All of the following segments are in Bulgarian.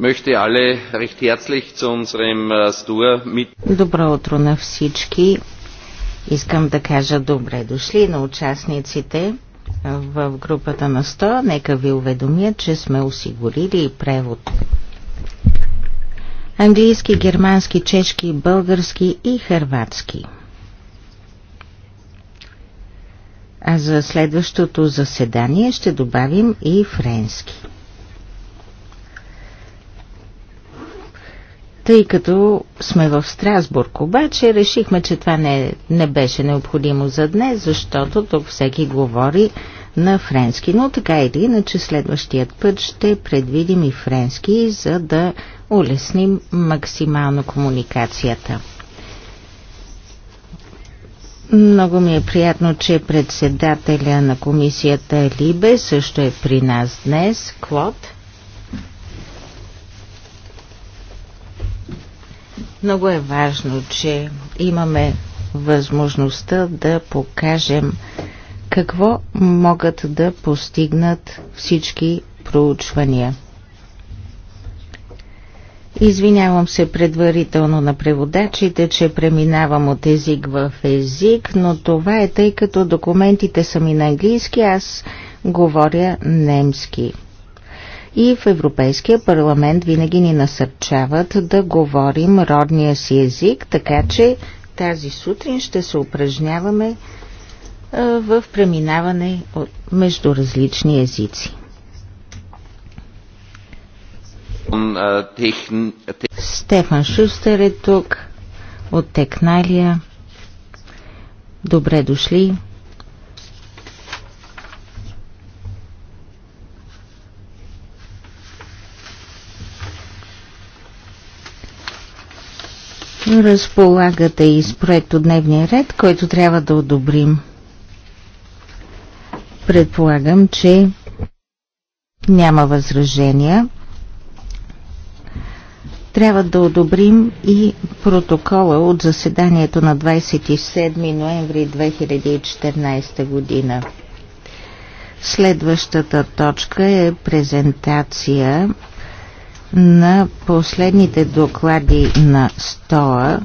Äh, Добро утро на всички. Искам да кажа добре дошли на участниците в групата на 100. Нека ви уведомя, че сме осигурили превод. Английски, германски, чешки, български и хърватски. А за следващото заседание ще добавим и френски. Тъй като сме в Страсбург, обаче решихме, че това не, не беше необходимо за днес, защото тук всеки говори на френски. Но така или иначе следващият път ще предвидим и френски, за да улесним максимално комуникацията. Много ми е приятно, че председателя на комисията Либе също е при нас днес, Клод. Много е важно, че имаме възможността да покажем какво могат да постигнат всички проучвания. Извинявам се предварително на преводачите, че преминавам от език в език, но това е тъй като документите са ми на английски, аз говоря немски и в Европейския парламент винаги ни насърчават да говорим родния си език, така че тази сутрин ще се упражняваме в преминаване между различни езици. Стефан Шустер е тук от Текналия. Добре дошли. Разполагате и с проекто дневния ред, който трябва да одобрим. Предполагам, че няма възражения. Трябва да одобрим и протокола от заседанието на 27 ноември 2014 година. Следващата точка е презентация на последните доклади на СТОА.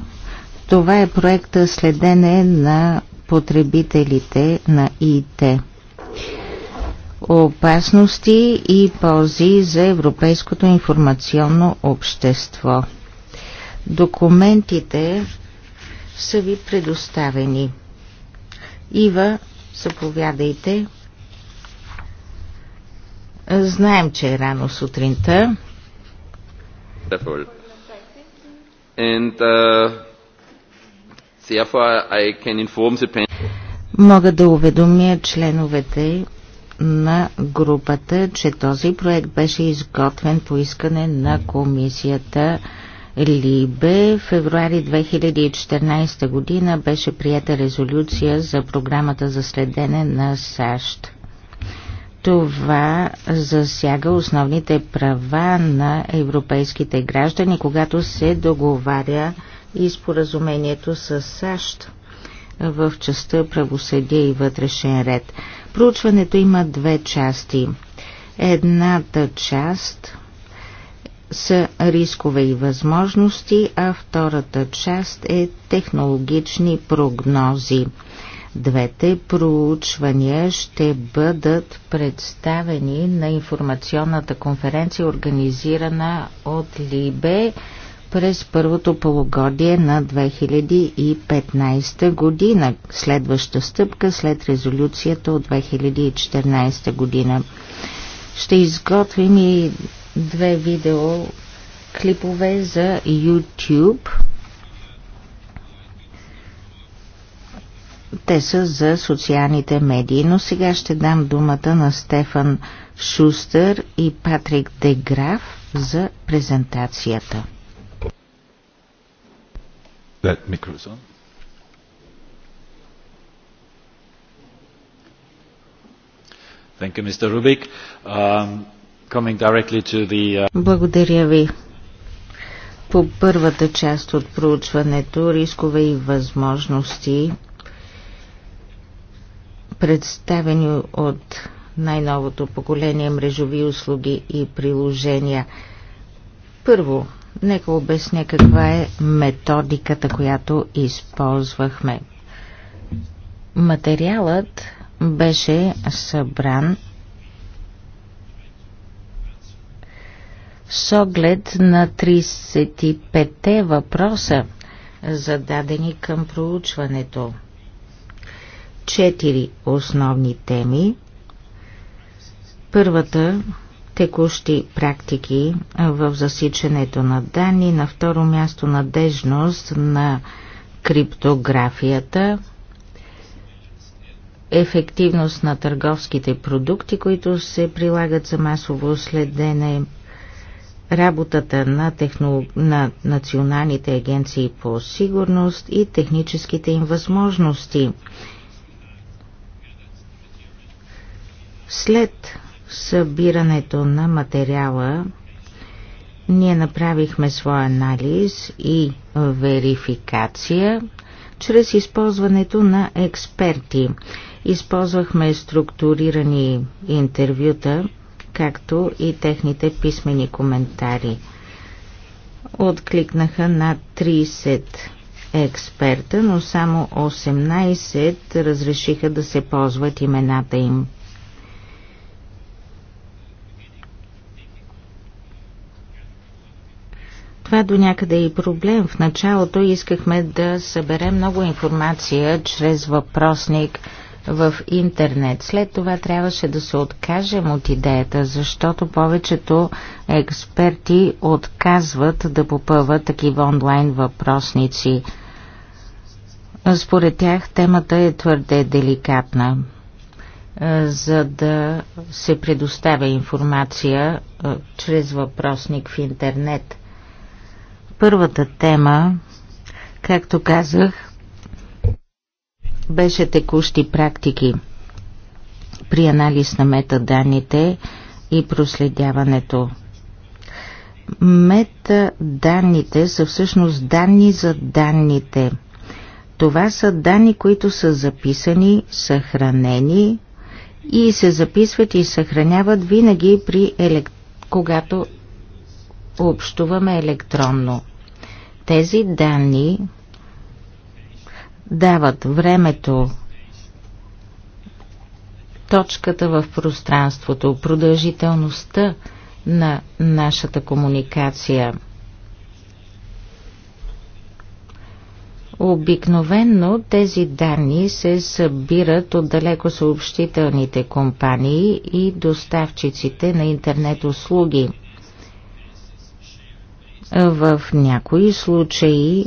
Това е проекта следене на потребителите на ИТ. Опасности и ползи за европейското информационно общество. Документите са ви предоставени. Ива, заповядайте. Знаем, че е рано сутринта wonderful. And uh, therefore I can inform the Мога да уведомя членовете на групата, че този проект беше изготвен по искане на комисията Либе. В февруари 2014 година беше прията резолюция за програмата за следене на САЩ. Това засяга основните права на европейските граждани, когато се договаря и споразумението с САЩ в частта правосъдие и вътрешен ред. Проучването има две части. Едната част са рискове и възможности, а втората част е технологични прогнози – Двете проучвания ще бъдат представени на информационната конференция, организирана от Либе през първото полугодие на 2015 година, следваща стъпка след резолюцията от 2014 година. Ще изготвим и две видео клипове за YouTube – Те са за социалните медии, но сега ще дам думата на Стефан Шустър и Патрик Деграф за презентацията. Thank you, Mr. Rubik. Um, to the, uh... Благодаря ви. По първата част от проучването рискове и възможности представени от най-новото поколение мрежови услуги и приложения. Първо, нека обясня каква е методиката, която използвахме. Материалът беше събран с оглед на 35-те въпроса, зададени към проучването – четири основни теми. Първата текущи практики в засичането на данни, на второ място надежност на криптографията, ефективност на търговските продукти, които се прилагат за масово следене, работата на, техно... на националните агенции по сигурност и техническите им възможности – След събирането на материала, ние направихме своя анализ и верификация чрез използването на експерти. Използвахме структурирани интервюта, както и техните писмени коментари. Откликнаха над 30 експерта, но само 18 разрешиха да се ползват имената им. това е до някъде и проблем. В началото искахме да съберем много информация чрез въпросник в интернет. След това трябваше да се откажем от идеята, защото повечето експерти отказват да попъват такива онлайн въпросници. Според тях темата е твърде деликатна е, за да се предоставя информация е, чрез въпросник в интернет. Първата тема, както казах, беше текущи практики при анализ на метаданните и проследяването. Метаданните са всъщност данни за данните. Това са данни, които са записани, съхранени и се записват и съхраняват винаги при елект... когато общуваме електронно. Тези данни дават времето, точката в пространството, продължителността на нашата комуникация. Обикновенно тези данни се събират от далеко съобщителните компании и доставчиците на интернет услуги – в някои случаи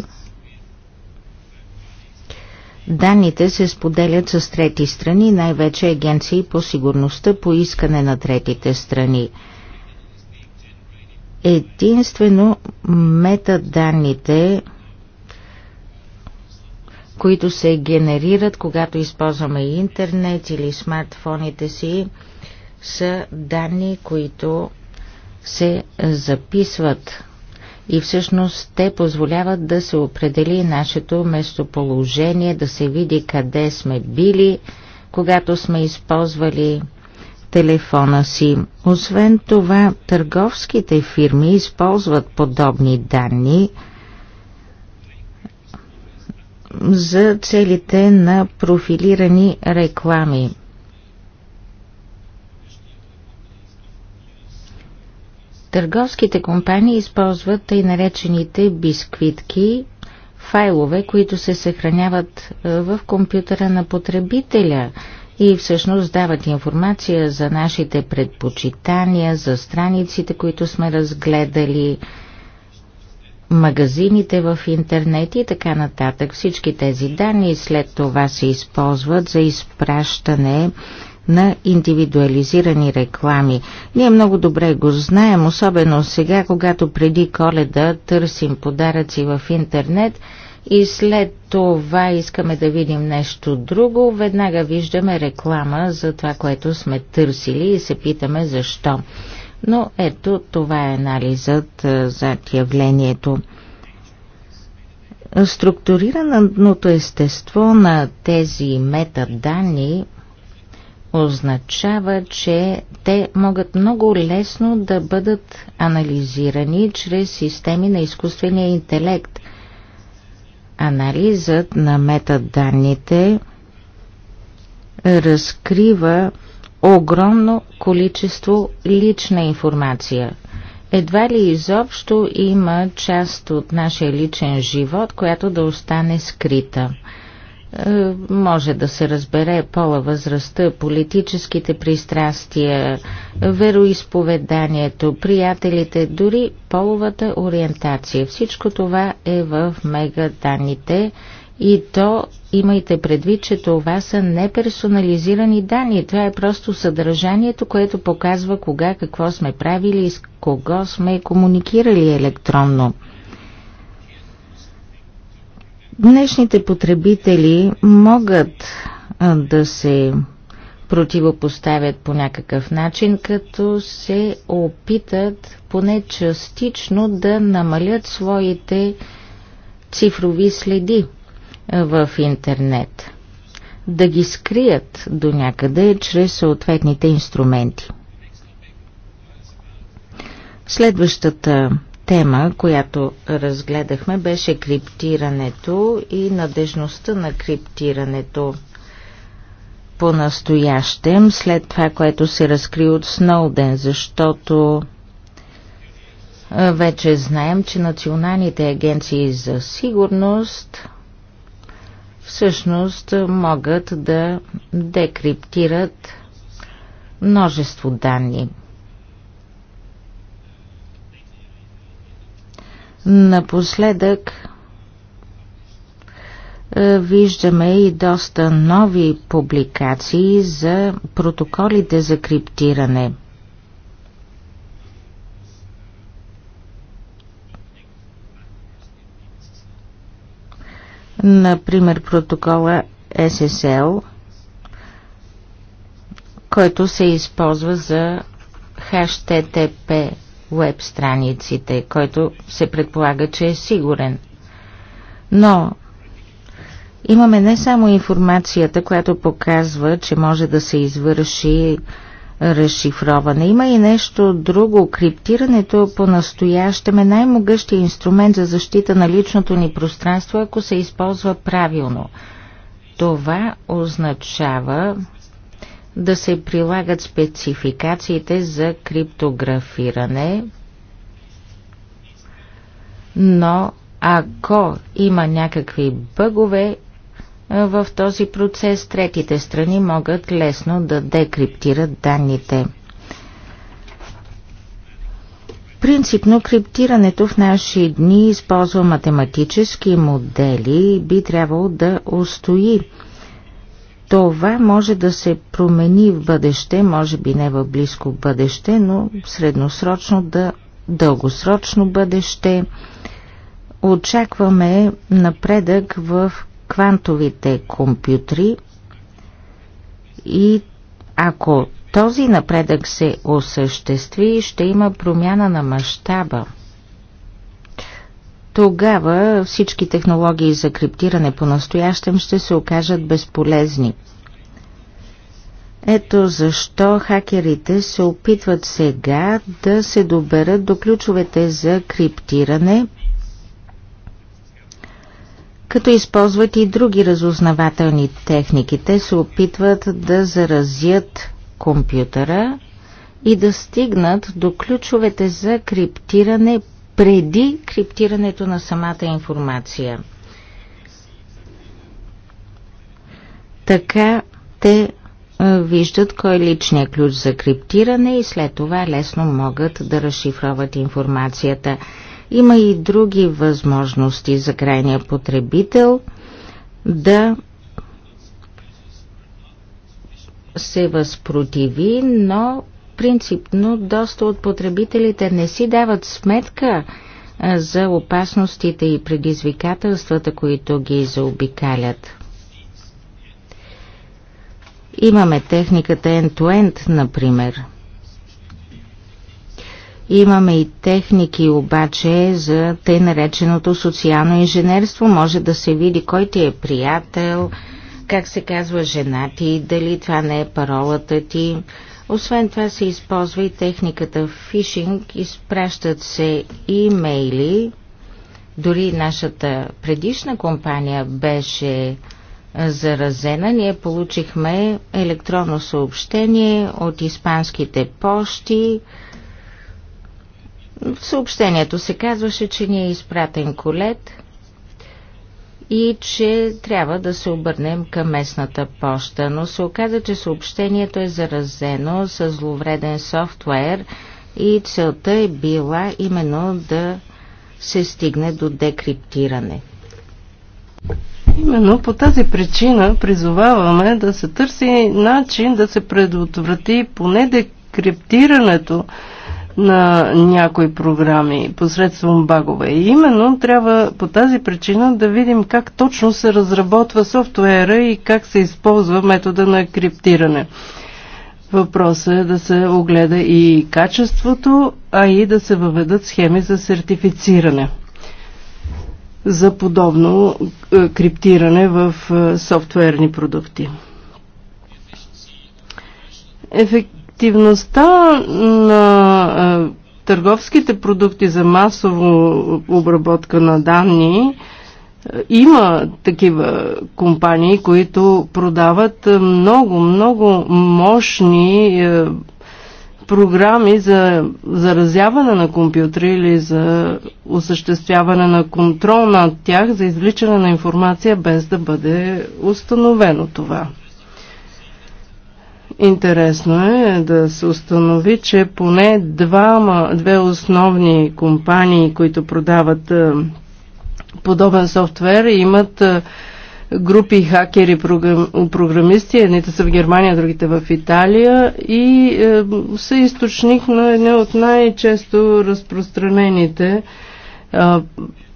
данните се споделят с трети страни, най-вече агенции по сигурността по искане на третите страни. Единствено метаданните, които се генерират, когато използваме интернет или смартфоните си, са данни, които се записват и всъщност те позволяват да се определи нашето местоположение, да се види къде сме били, когато сме използвали телефона си. Освен това, търговските фирми използват подобни данни за целите на профилирани реклами – Търговските компании използват тъй наречените бисквитки, файлове, които се съхраняват в компютъра на потребителя и всъщност дават информация за нашите предпочитания, за страниците, които сме разгледали, магазините в интернет и така нататък. Всички тези данни след това се използват за изпращане на индивидуализирани реклами. Ние много добре го знаем, особено сега, когато преди коледа търсим подаръци в интернет и след това искаме да видим нещо друго, веднага виждаме реклама за това, което сме търсили и се питаме защо. Но ето това е анализът за явлението. Структурираното естество на тези метаданни означава, че те могат много лесно да бъдат анализирани чрез системи на изкуствения интелект. Анализът на метаданните разкрива огромно количество лична информация. Едва ли изобщо има част от нашия личен живот, която да остане скрита – е, може да се разбере пола възрастта, политическите пристрастия, вероисповеданието, приятелите, дори половата ориентация. Всичко това е в мегаданните и то имайте предвид, че това са неперсонализирани данни. Това е просто съдържанието, което показва кога какво сме правили и с кого сме комуникирали електронно. Днешните потребители могат да се противопоставят по някакъв начин, като се опитат поне частично да намалят своите цифрови следи в интернет, да ги скрият до някъде чрез съответните инструменти. Следващата тема, която разгледахме, беше криптирането и надежността на криптирането. По-настоящем, след това, което се разкри от Сноуден, защото вече знаем, че националните агенции за сигурност всъщност могат да декриптират множество данни – Напоследък е, виждаме и доста нови публикации за протоколите за криптиране. Например, протокола SSL, който се използва за HTTP веб страниците, който се предполага, че е сигурен. Но имаме не само информацията, която показва, че може да се извърши разшифроване. Има и нещо друго. Криптирането е по-настоящем е най-могъщия инструмент за защита на личното ни пространство, ако се използва правилно. Това означава да се прилагат спецификациите за криптографиране, но ако има някакви бъгове в този процес, третите страни могат лесно да декриптират данните. Принципно криптирането в наши дни използва математически модели и би трябвало да устои това може да се промени в бъдеще, може би не в близко бъдеще, но средносрочно да дългосрочно бъдеще. Очакваме напредък в квантовите компютри и ако този напредък се осъществи, ще има промяна на мащаба – тогава всички технологии за криптиране по-настоящем ще се окажат безполезни. Ето защо хакерите се опитват сега да се доберат до ключовете за криптиране, като използват и други разузнавателни техники. Те се опитват да заразят компютъра и да стигнат до ключовете за криптиране преди криптирането на самата информация. Така те е, виждат кой е личният ключ за криптиране и след това лесно могат да разшифроват информацията. Има и други възможности за крайния потребител да се възпротиви, но принципно доста от потребителите не си дават сметка за опасностите и предизвикателствата, които ги заобикалят. Имаме техниката end-to-end, -end, например. Имаме и техники обаче за тъй нареченото социално инженерство. Може да се види кой ти е приятел, как се казва жена ти, дали това не е паролата ти. Освен това се използва и техниката фишинг, изпращат се имейли. Дори нашата предишна компания беше заразена. Ние получихме електронно съобщение от испанските пощи. В съобщението се казваше, че ни е изпратен колет – и че трябва да се обърнем към местната поща, но се оказа, че съобщението е заразено с зловреден софтуер и целта е била именно да се стигне до декриптиране. Именно по тази причина призоваваме да се търси начин да се предотврати поне декриптирането на някои програми посредством багове. И именно трябва по тази причина да видим как точно се разработва софтуера и как се използва метода на криптиране. Въпросът е да се огледа и качеството, а и да се въведат схеми за сертифициране за подобно е, криптиране в е, софтуерни продукти. Ефект ефективността на търговските продукти за масово обработка на данни има такива компании, които продават много, много мощни програми за заразяване на компютри или за осъществяване на контрол над тях, за извличане на информация без да бъде установено това. Интересно е да се установи, че поне двама, две основни компании, които продават е, подобен софтуер, имат е, групи хакери, програмисти, едните са в Германия, другите в Италия и е, са източник на една от най-често разпространените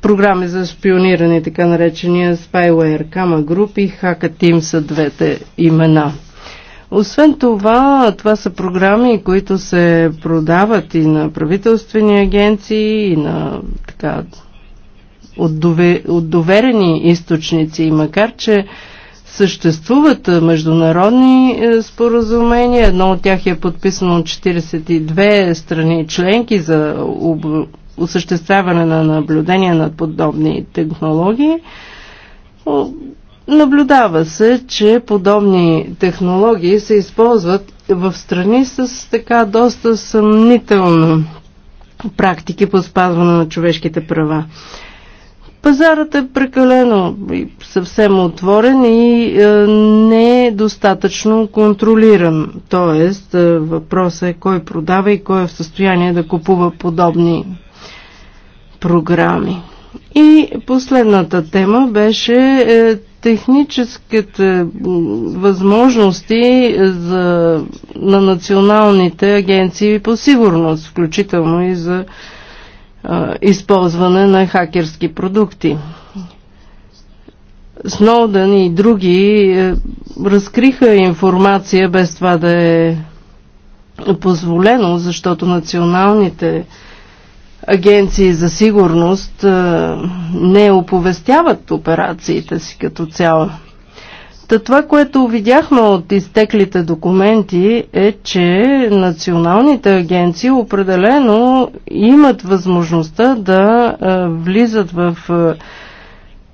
програми за шпиониране, така наречения spyware. Кама Group и Hacker Team са двете имена. Освен това, това са програми, които се продават и на правителствени агенции, и на така, от, довер... от доверени източници. И макар, че съществуват международни е, споразумения, едно от тях е подписано от 42 страни членки за об... осъществяване на наблюдение над подобни технологии, Наблюдава се, че подобни технологии се използват в страни с така доста съмнително практики по спазване на човешките права. Пазарът е прекалено съвсем отворен и е, не е достатъчно контролиран. Тоест, е, въпросът е кой продава и кой е в състояние да купува подобни програми. И последната тема беше е, техническите възможности за, на националните агенции по сигурност, включително и за а, използване на хакерски продукти. Сноудън и други е, разкриха информация без това да е позволено, защото националните агенции за сигурност не оповестяват операциите си като цяло. Та това, което видяхме от изтеклите документи е, че националните агенции определено имат възможността да влизат в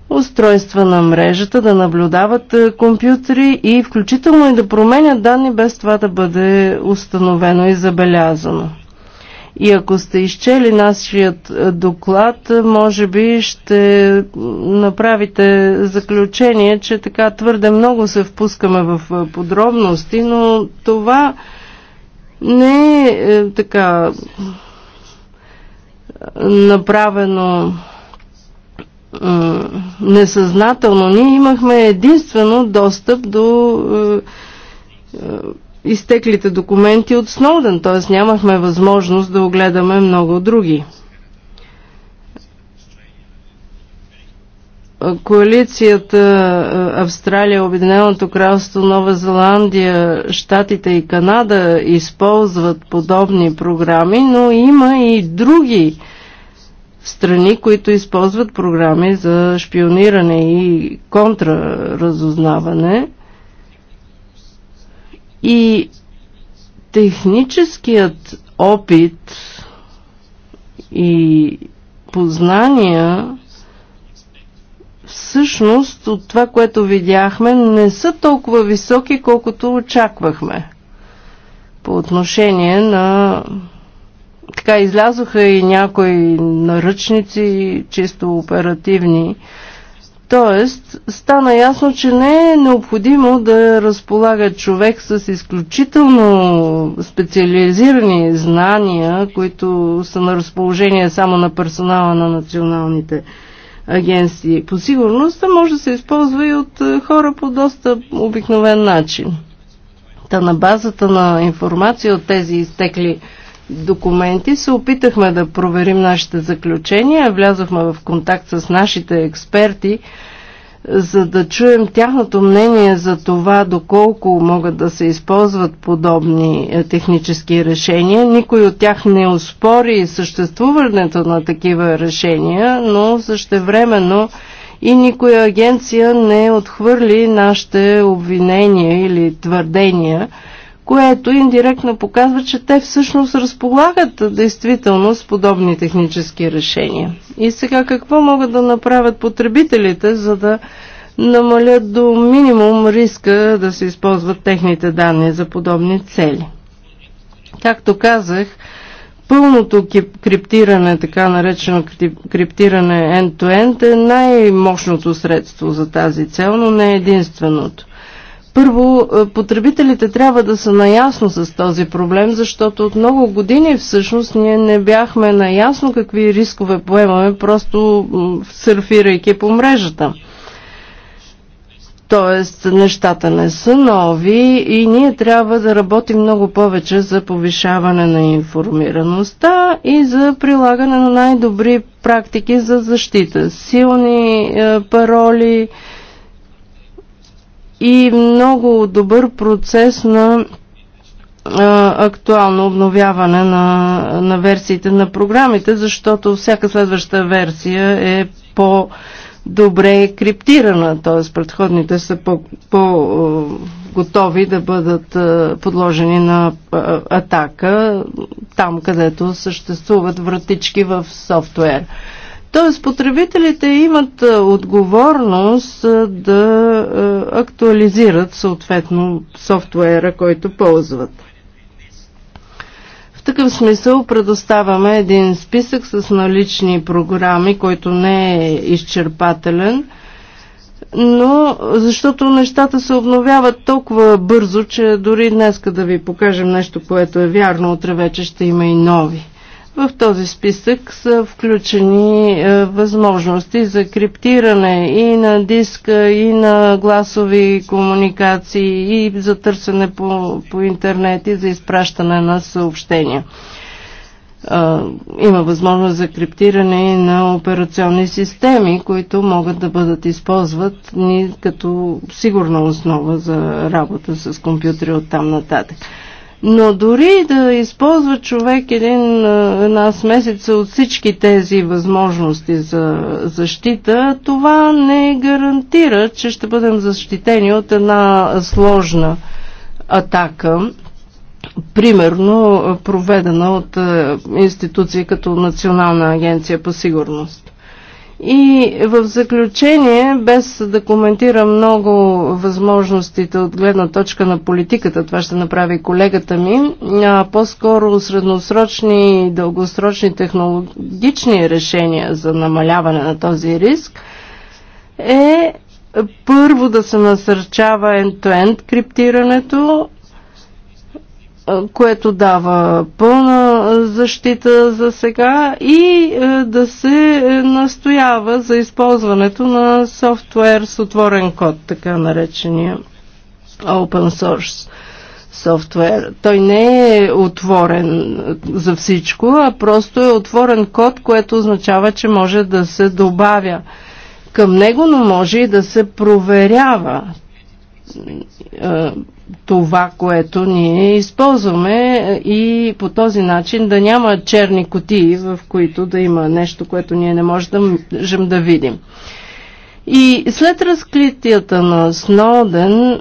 устройства на мрежата, да наблюдават компютри и включително и да променят данни без това да бъде установено и забелязано. И ако сте изчели нашият е, доклад, е, може би ще направите заключение, че така твърде много се впускаме в е, подробности, но това не е така направено несъзнателно. Ние имахме единствено достъп до изтеклите документи от Сноуден, т.е. нямахме възможност да огледаме много други. коалицията е, Австралия, Обединеното кралство, Нова Зеландия, Штатите и Канада използват подобни програми, но има и други страни, които използват програми за шпиониране и контраразузнаване. И техническият опит и познания всъщност от това, което видяхме, не са толкова високи, колкото очаквахме. По отношение на... Така излязоха и някои наръчници, чисто оперативни, Тоест, стана ясно, че не е необходимо да разполага човек с изключително специализирани знания, които са на разположение само на персонала на националните агенции по сигурност, може да се използва и от е, хора по доста обикновен начин. Та на базата на информация от тези изтекли документи се опитахме да проверим нашите заключения, влязохме в контакт с нашите експерти, за да чуем тяхното мнение за това доколко могат да се използват подобни е, технически решения. Никой от тях не успори съществуването на такива решения, но същевременно и никоя агенция не отхвърли нашите обвинения или твърдения което индиректно показва, че те всъщност разполагат действително с подобни технически решения. И сега какво могат да направят потребителите, за да намалят до минимум риска да се използват техните данни за подобни цели? Както казах, пълното криптиране, така наречено криптиране end-to-end -end, е най-мощното средство за тази цел, но не е единственото. Първо, е, потребителите трябва да са наясно с този проблем, защото от много години всъщност ние не бяхме наясно какви рискове поемаме, просто сърфирайки по мрежата. Тоест, нещата не са нови и ние трябва да работим много повече за повишаване на информираността и за прилагане на най-добри практики за защита. Силни е, пароли, и много добър процес на актуално обновяване на, на версиите на програмите, защото всяка следваща версия е по- добре е криптирана, т.е. предходните са по-готови по да бъдат подложени на атака там, където съществуват вратички в софтуер. Тоест, потребителите имат отговорност да актуализират съответно софтуера, който ползват. В такъв смисъл предоставяме един списък с налични програми, който не е изчерпателен, но защото нещата се обновяват толкова бързо, че дори днеска да ви покажем нещо, което е вярно, утре вече ще има и нови. В този списък са включени е, възможности за криптиране и на диска, и на гласови комуникации, и за търсене по, по интернет, и за изпращане на съобщения е, има възможност за криптиране и на операционни системи, които могат да бъдат използват ни като сигурна основа за работа с компютри от там нататък. Но дори да използва човек един, една смесица от всички тези възможности за защита, това не гарантира, че ще бъдем защитени от една сложна атака, примерно проведена от институции като Национална агенция по сигурност. И в заключение, без да коментира много възможностите от гледна точка на политиката, това ще направи колегата ми, а по-скоро средносрочни и дългосрочни технологични решения за намаляване на този риск, е първо да се насърчава end to -end криптирането което дава пълна защита за сега и да се е, настоява за използването на софтуер с отворен код, така наречения open source софтуер. Той не е отворен за всичко, а просто е отворен код, което означава, че може да се добавя към него, но може и да се проверява. Е, това, което ние използваме и по този начин да няма черни кутии, в които да има нещо, което ние не можем да видим. И след разкритията на Сноуден е,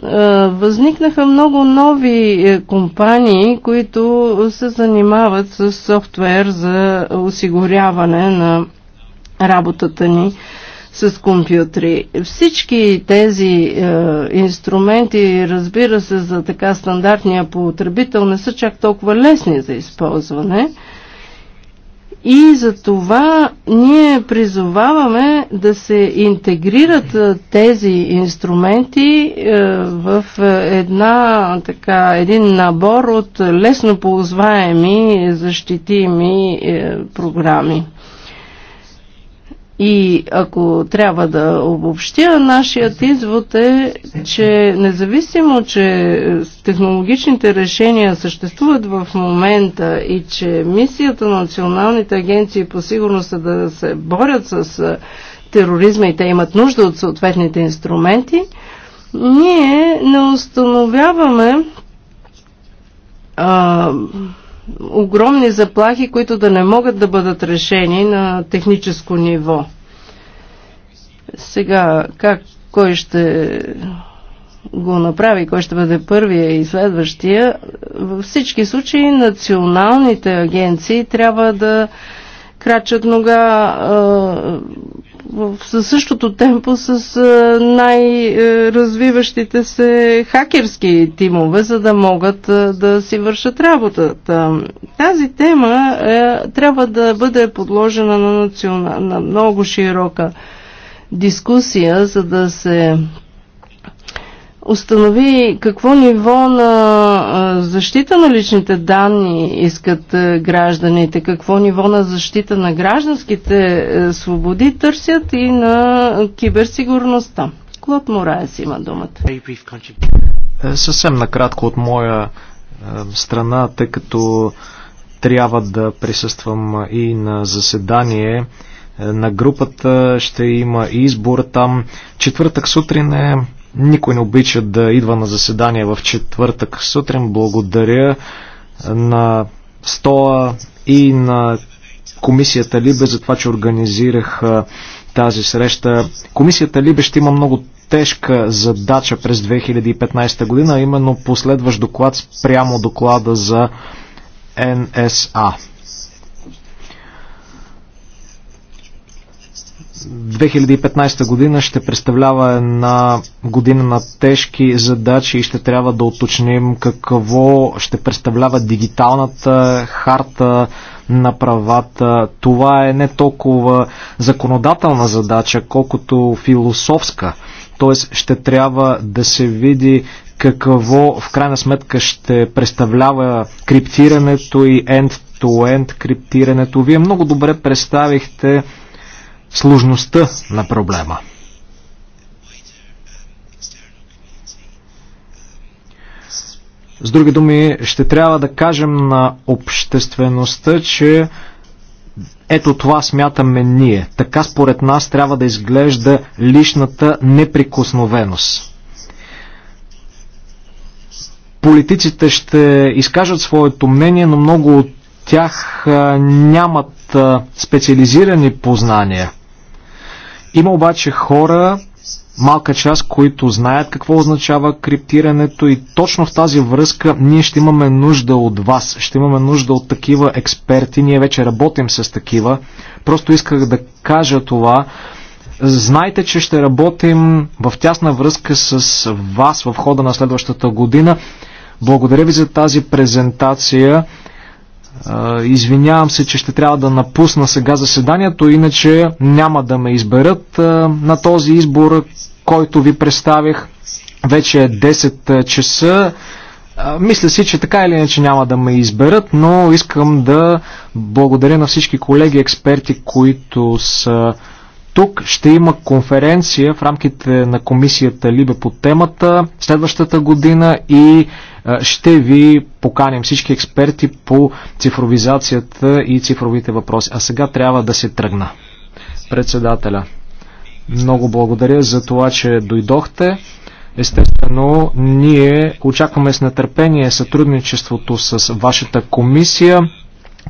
възникнаха много нови е, компании, които се занимават с софтуер за осигуряване на работата ни с компютри. Всички тези е, инструменти, разбира се, за така стандартния потребител не са чак толкова лесни за използване. И за това ние призоваваме да се интегрират е, тези инструменти е, в е, една, така, един набор от лесно ползваеми защитими програми. И ако трябва да обобщя, нашият извод е, че независимо, че технологичните решения съществуват в момента и че мисията на националните агенции по сигурност е да се борят с тероризма и те имат нужда от съответните инструменти, ние не установяваме а, огромни заплахи, които да не могат да бъдат решени на техническо ниво. Сега, как кой ще го направи, кой ще бъде първия и следващия, във всички случаи националните агенции трябва да крачат нога със същото темпо с най-развиващите се хакерски тимове, за да могат да си вършат работата. Тази тема е, трябва да бъде подложена на, национа, на много широка дискусия, за да се установи какво ниво на защита на личните данни искат гражданите, какво ниво на защита на гражданските е, свободи търсят и на киберсигурността. Клод Мораес има думата. Е, съвсем накратко от моя е, страна, тъй като трябва да присъствам и на заседание на групата, ще има избор там. Четвъртък сутрин е никой не обича да идва на заседание в четвъртък сутрин. Благодаря на Стоа и на комисията Либе за това, че организирах тази среща. Комисията Либе ще има много тежка задача през 2015 година, именно последващ доклад спрямо доклада за НСА. 2015 година ще представлява една година на тежки задачи и ще трябва да уточним какво ще представлява дигиталната харта на правата. Това е не толкова законодателна задача, колкото философска. Т.е. ще трябва да се види какво в крайна сметка ще представлява криптирането и end-to-end -end криптирането. Вие много добре представихте сложността на проблема. С други думи, ще трябва да кажем на обществеността, че ето това смятаме ние. Така според нас трябва да изглежда личната неприкосновеност. Политиците ще изкажат своето мнение, но много от тях нямат специализирани познания. Има обаче хора, малка част, които знаят какво означава криптирането и точно в тази връзка ние ще имаме нужда от вас, ще имаме нужда от такива експерти, ние вече работим с такива. Просто исках да кажа това. Знайте, че ще работим в тясна връзка с вас в хода на следващата година. Благодаря ви за тази презентация. Извинявам се, че ще трябва да напусна сега заседанието, иначе няма да ме изберат на този избор, който ви представих. Вече е 10 часа. Мисля си, че така или иначе няма да ме изберат, но искам да благодаря на всички колеги експерти, които са тук. Ще има конференция в рамките на комисията Либе по темата следващата година и ще ви поканим всички експерти по цифровизацията и цифровите въпроси. А сега трябва да се тръгна. Председателя, много благодаря за това, че дойдохте. Естествено, ние очакваме с нетърпение сътрудничеството с вашата комисия.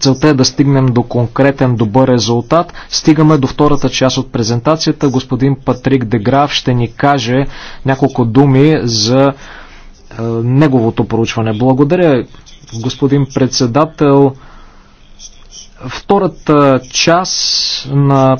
Целта е да стигнем до конкретен добър резултат. Стигаме до втората част от презентацията. Господин Патрик Деграф ще ни каже няколко думи за е, неговото проучване. Благодаря, господин председател. Втората част на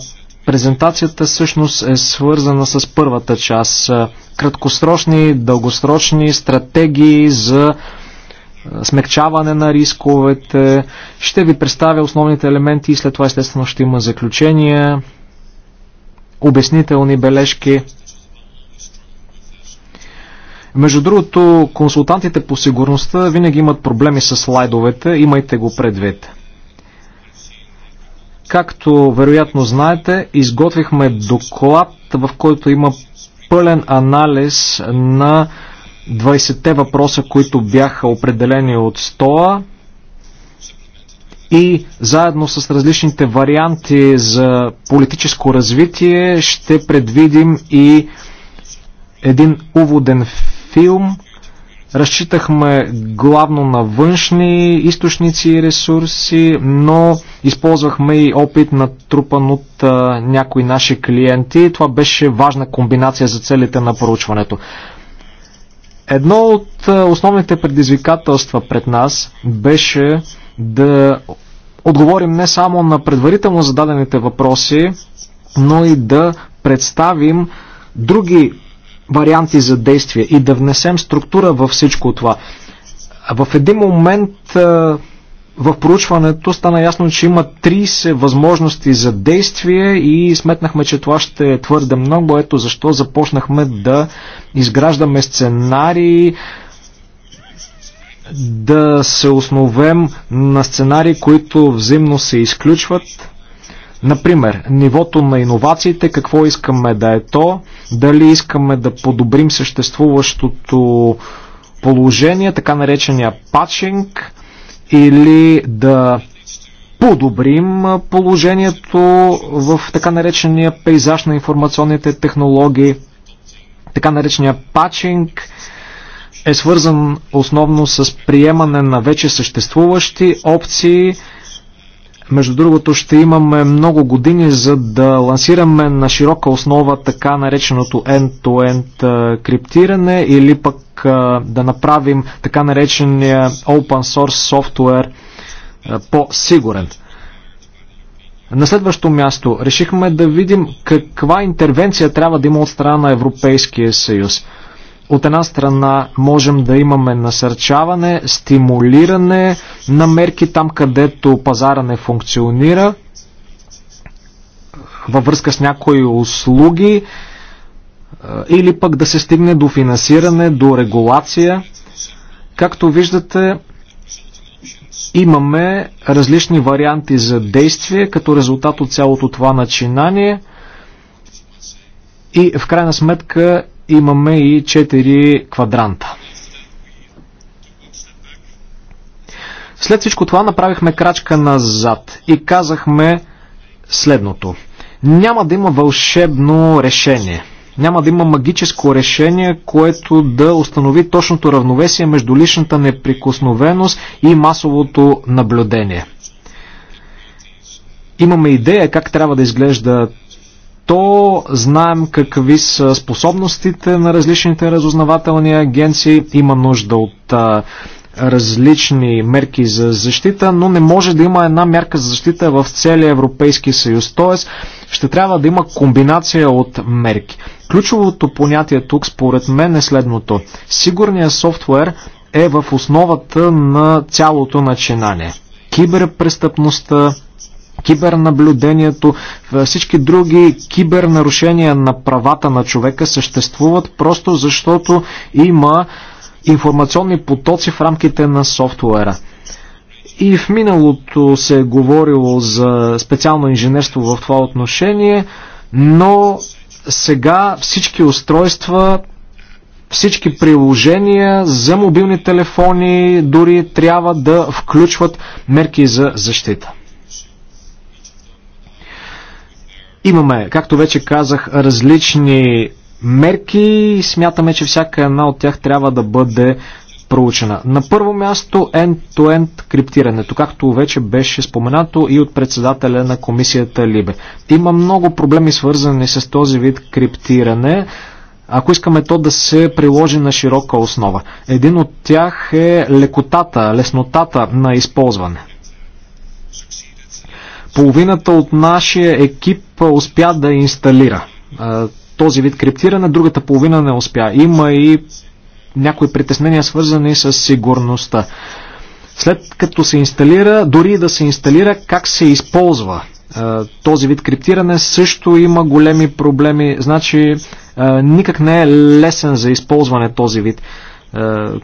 презентацията всъщност е свързана с първата част. Краткосрочни, дългосрочни стратегии за е, смягчаване на рисковете. Ще ви представя основните елементи и след това естествено ще има заключения, обяснителни бележки. Между другото, консултантите по сигурността винаги имат проблеми с слайдовете, имайте го предвид. Както вероятно знаете, изготвихме доклад, в който има пълен анализ на 20-те въпроса, които бяха определени от СТОА и заедно с различните варианти за политическо развитие ще предвидим и един уводен филм. Разчитахме главно на външни източници и ресурси, но използвахме и опит на трупан от а, някои наши клиенти. Това беше важна комбинация за целите на проучването. Едно от основните предизвикателства пред нас беше да отговорим не само на предварително зададените въпроси, но и да представим други варианти за действие и да внесем структура във всичко това. В един момент е, в проучването стана ясно, че има 30 възможности за действие и сметнахме, че това ще е твърде много. Ето защо започнахме да изграждаме сценарии, да се основем на сценарии, които взаимно се изключват. Например, нивото на иновациите, какво искаме да е то, дали искаме да подобрим съществуващото положение, така наречения патчинг, или да подобрим положението в така наречения пейзаж на информационните технологии. Така наречения патчинг е свързан основно с приемане на вече съществуващи опции, между другото ще имаме много години за да лансираме на широка основа така нареченото end-to-end -end криптиране или пък да направим така наречения open source софтуер по-сигурен. На следващо място решихме да видим каква интервенция трябва да има от страна на Европейския съюз от една страна можем да имаме насърчаване, стимулиране на мерки там, където пазара не функционира, във връзка с някои услуги, е, или пък да се стигне до финансиране, до регулация. Както виждате, имаме различни варианти за действие като резултат от цялото това начинание и в крайна сметка имаме и 4 квадранта. След всичко това направихме крачка назад и казахме следното. Няма да има вълшебно решение. Няма да има магическо решение, което да установи точното равновесие между личната неприкосновеност и масовото наблюдение. Имаме идея как трябва да изглежда то знаем какви са способностите на различните разузнавателни агенции. Има нужда от а, различни мерки за защита, но не може да има една мерка за защита в целия Европейски съюз. Тоест, ще трябва да има комбинация от мерки. Ключовото понятие тук, според мен, е следното. Сигурният софтуер е в основата на цялото начинание. Киберпрестъпността, кибернаблюдението, всички други кибернарушения на правата на човека съществуват просто защото има информационни потоци в рамките на софтуера. И в миналото се е говорило за специално инженерство в това отношение, но сега всички устройства, всички приложения за мобилни телефони дори трябва да включват мерки за защита. Имаме, както вече казах, различни мерки и смятаме, че всяка една от тях трябва да бъде проучена. На първо място end-to-end -end криптирането, както вече беше споменато и от председателя на комисията Либе. Има много проблеми свързани с този вид криптиране, ако искаме то да се приложи на широка основа. Един от тях е лекотата, леснотата на използване половината от нашия екип успя да инсталира този вид криптиране, другата половина не успя. Има и някои притеснения свързани с сигурността. След като се инсталира, дори да се инсталира, как се използва този вид криптиране също има големи проблеми. Значи никак не е лесен за използване този вид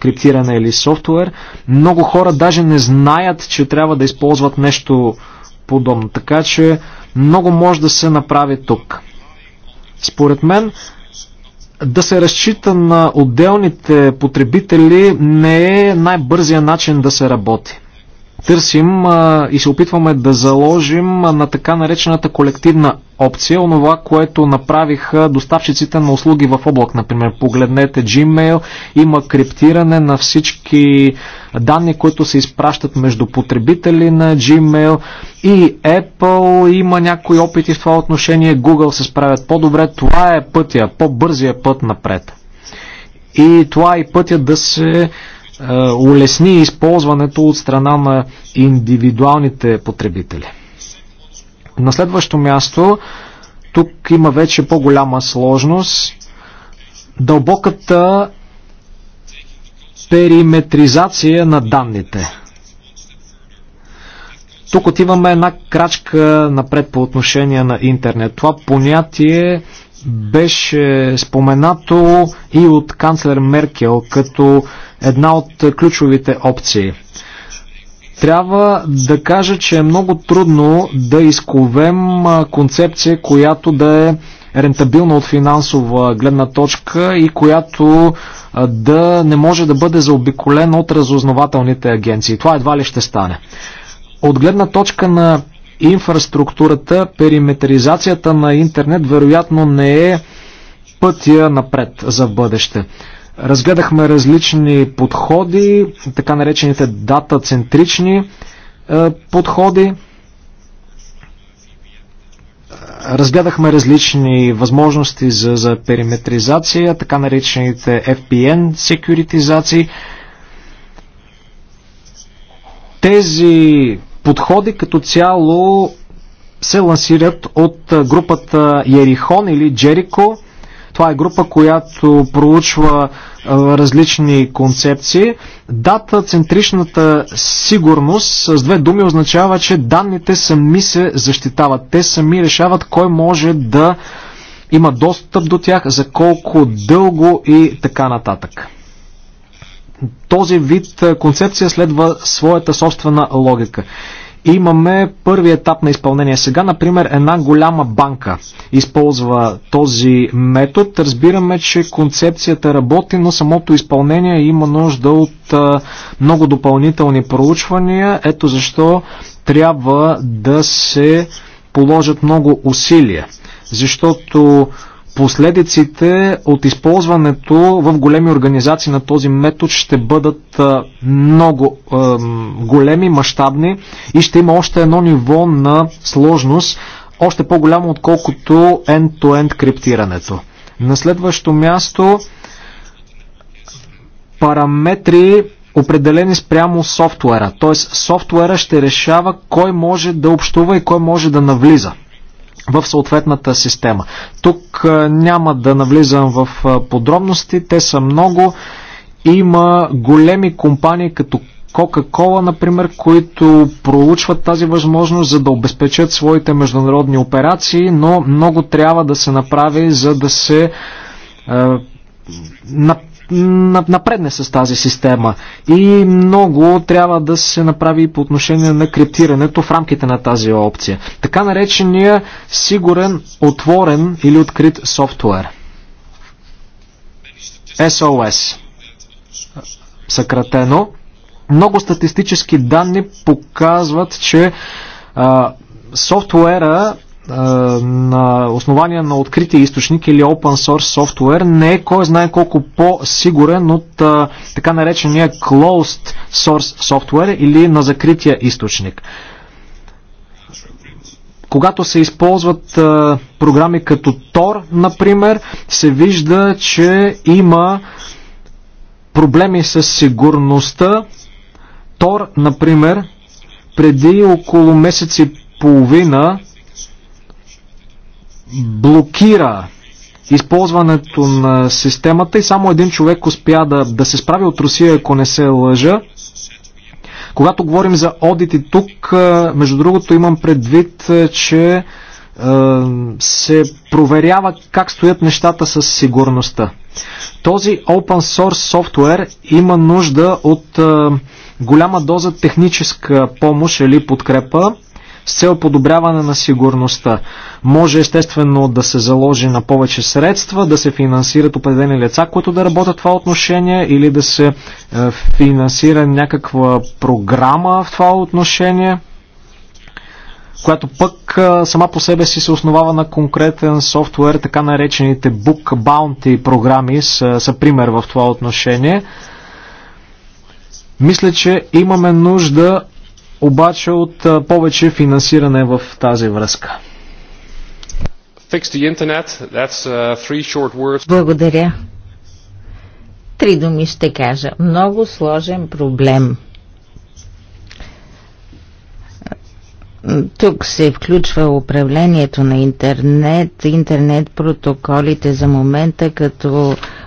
криптиране или софтуер. Много хора даже не знаят, че трябва да използват нещо подобно. Така че много може да се направи тук. Според мен да се разчита на отделните потребители не е най-бързия начин да се работи търсим и се опитваме да заложим на така наречената колективна опция, онова, което направиха доставчиците на услуги в облак. Например, погледнете Gmail, има криптиране на всички данни, които се изпращат между потребители на Gmail и Apple има някои опити в това отношение, Google се справят по-добре, това е пътя, по-бързия път напред. И това е и пътя да се е, улесни използването от страна на индивидуалните потребители. На следващо място, тук има вече по-голяма сложност. Дълбоката периметризация на данните. Тук отиваме една крачка напред по отношение на интернет. Това понятие беше споменато и от канцлер Меркел като една от ключовите опции. Трябва да кажа, че е много трудно да изковем концепция, която да е рентабилна от финансова гледна точка и която да не може да бъде заобиколена от разузнавателните агенции. Това едва ли ще стане. От гледна точка на инфраструктурата, периметризацията на интернет вероятно не е пътя напред за бъдеще. Разгледахме различни подходи, така наречените дата-центрични е, подходи. Разгледахме различни възможности за, за периметризация, така наречените FPN секюритизации. Тези подходи като цяло се лансират от групата Ерихон или Джерико. Това е група, която проучва различни концепции. Дата центричната сигурност с две думи означава, че данните сами се защитават. Те сами решават кой може да има достъп до тях, за колко дълго и така нататък този вид е, концепция следва своята собствена логика. Имаме първи етап на изпълнение. Сега, например, една голяма банка използва този метод. Разбираме, че концепцията работи, но самото изпълнение има нужда от е, много допълнителни проучвания. Ето защо трябва да се положат много усилия. Защото последиците от използването в големи организации на този метод ще бъдат много големи, мащабни и ще има още едно ниво на сложност, още по-голямо отколкото end-to-end -end криптирането. На следващо място параметри определени спрямо софтуера. Т.е. софтуера ще решава кой може да общува и кой може да навлиза в съответната система. Тук няма да навлизам в подробности, те са много. Има големи компании като Coca-Cola, например, които проучват тази възможност, за да обезпечат своите международни операции, но много трябва да се направи, за да се е, на, напредне с тази система. И много трябва да се направи по отношение на криптирането в рамките на тази опция. Така наречения сигурен, отворен или открит софтуер. SOS. Съкратено. Много статистически данни показват, че а, софтуера на основания на открития източник или open source софтуер не е кой знае колко по-сигурен от а, така наречения closed source софтуер или на закрития източник. Когато се използват а, програми като Tor, например, се вижда, че има проблеми с сигурността. Tor, например, преди около месец и половина блокира използването на системата и само един човек успя да, да се справи от Русия, ако не се лъжа. Когато говорим за одити тук, между другото имам предвид, че се проверява как стоят нещата с сигурността. Този open source софтуер има нужда от голяма доза техническа помощ или подкрепа с цел подобряване на сигурността. Може естествено да се заложи на повече средства, да се финансират определени лица, които да работят това отношение или да се е, финансира някаква програма в това отношение която пък е, сама по себе си се основава на конкретен софтуер, така наречените book bounty програми са, е, са пример в това отношение. Мисля, че имаме нужда обаче от повече финансиране в тази връзка. Благодаря. Три думи ще кажа. Много сложен проблем. Тук се включва управлението на интернет, интернет протоколите за момента като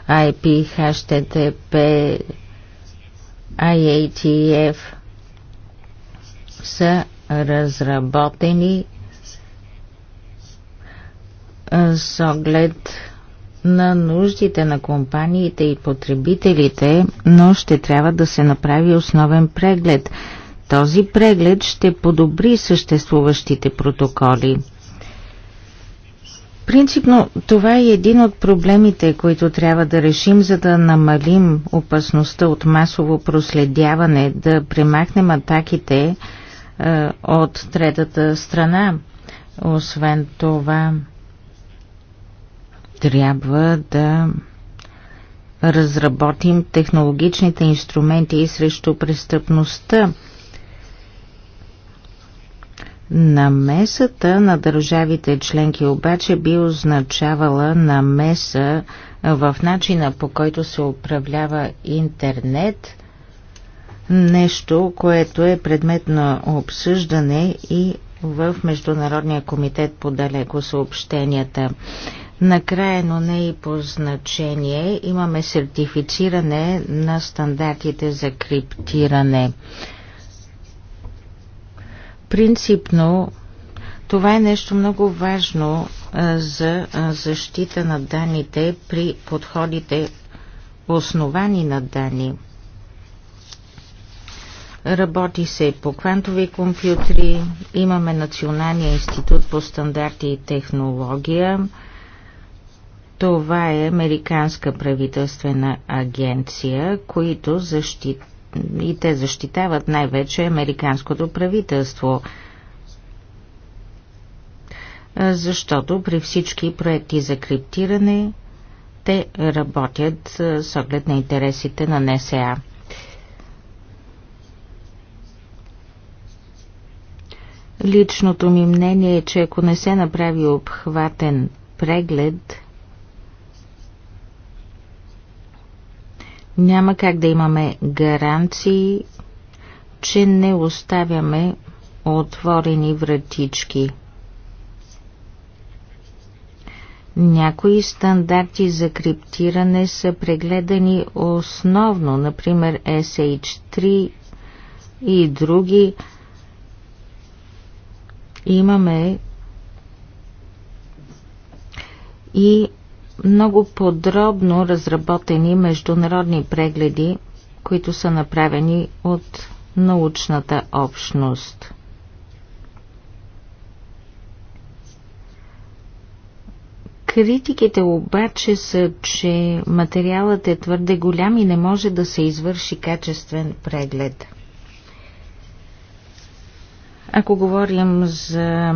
IP, HTTP, IATF – са разработени с оглед на нуждите на компаниите и потребителите, но ще трябва да се направи основен преглед. Този преглед ще подобри съществуващите протоколи. Принципно това е един от проблемите, които трябва да решим, за да намалим опасността от масово проследяване, да премахнем атаките, е, от третата страна. Освен това, трябва да разработим технологичните инструменти и срещу престъпността. Намесата на държавите членки обаче би означавала намеса в начина по който се управлява интернет – нещо, което е предмет на обсъждане и в Международния комитет по далеко съобщенията. Накрая, но не и по значение, имаме сертифициране на стандартите за криптиране. Принципно, това е нещо много важно за защита на данните при подходите основани на данни. Работи се по квантови компютри, имаме Националния институт по стандарти и технология. Това е Американска правителствена агенция, които защит... и те защитават най-вече американското правителство защото при всички проекти за криптиране те работят с оглед на интересите на НСА. Личното ми мнение е, че ако не се направи обхватен преглед, няма как да имаме гаранции, че не оставяме отворени вратички. Някои стандарти за криптиране са прегледани основно, например SH3 и други, Имаме и много подробно разработени международни прегледи, които са направени от научната общност. Критиките обаче са, че материалът е твърде голям и не може да се извърши качествен преглед. Ако говорим за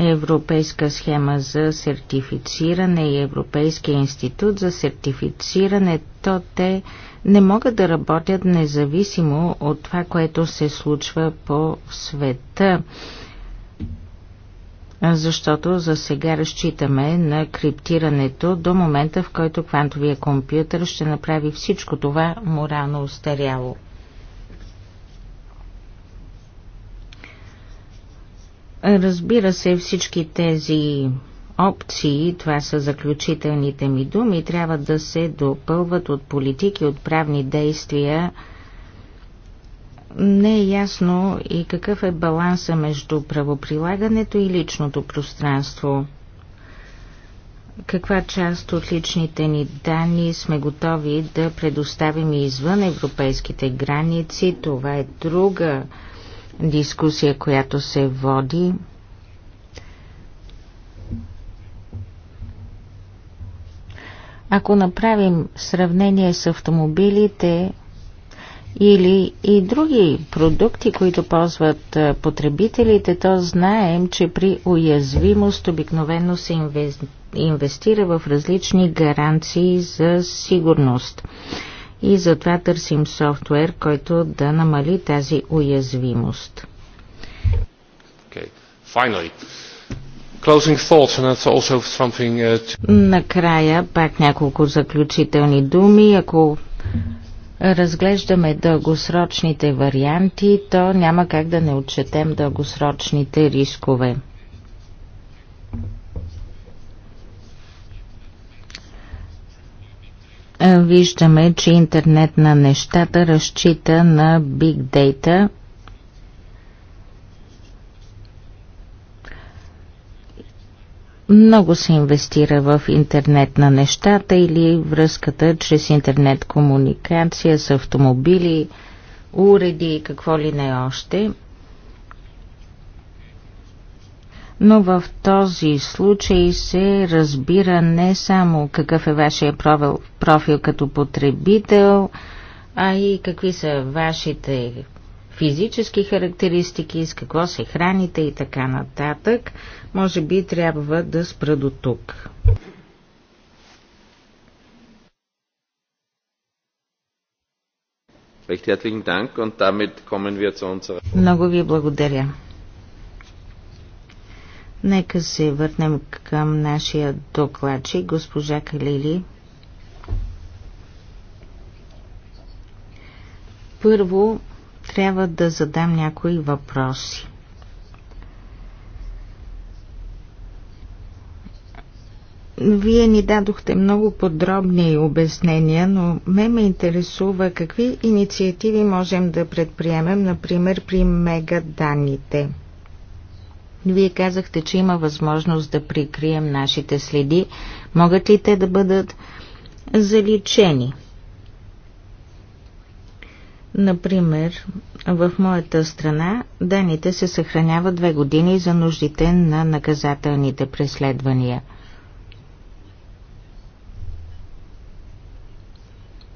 Европейска схема за сертифициране и Европейския институт за сертифициране, то те не могат да работят независимо от това, което се случва по света. Защото за сега разчитаме на криптирането до момента, в който квантовия компютър ще направи всичко това морално устаряло. Разбира се, всички тези опции, това са заключителните ми думи, трябва да се допълват от политики, от правни действия. Не е ясно и какъв е баланса между правоприлагането и личното пространство. Каква част от личните ни данни сме готови да предоставим извън европейските граници, това е друга дискусия, която се води. Ако направим сравнение с автомобилите или и други продукти, които ползват потребителите, то знаем, че при уязвимост обикновено се инвестира в различни гаранции за сигурност и затова търсим софтуер, който да намали тази уязвимост. Okay. Finally. Closing thoughts, and that's also something, uh, to... Накрая пак няколко заключителни думи. Ако разглеждаме дългосрочните варианти, то няма как да не отчетем дългосрочните рискове. Е, виждаме, че интернет на нещата разчита на Big Data Много се инвестира в интернет на нещата или връзката чрез интернет комуникация с автомобили, уреди и какво ли не още – но в този случай се разбира не само какъв е вашия профил, профил като потребител, а и какви са вашите физически характеристики, с какво се храните и така нататък. Може би трябва да спра до тук. Много ви благодаря. Нека се върнем към нашия докладчи, госпожа Калили. Първо трябва да задам някои въпроси. Вие ни дадохте много подробни обяснения, но ме ме интересува какви инициативи можем да предприемем, например при мегаданните. Вие казахте, че има възможност да прикрием нашите следи. Могат ли те да бъдат заличени? Например, в моята страна данните се съхраняват две години за нуждите на наказателните преследвания.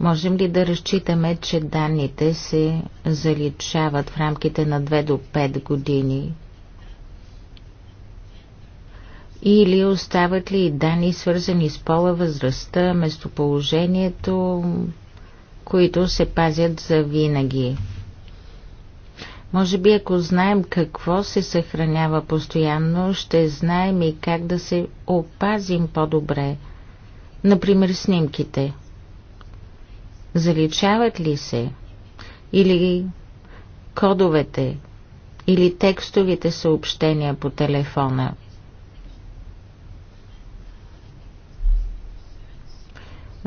Можем ли да разчитаме, че данните се заличават в рамките на 2 до 5 години? или остават ли данни свързани с пола, възрастта, местоположението, които се пазят за винаги. Може би ако знаем какво се съхранява постоянно, ще знаем и как да се опазим по-добре. Например, снимките. Заличават ли се? Или кодовете? Или текстовите съобщения по телефона?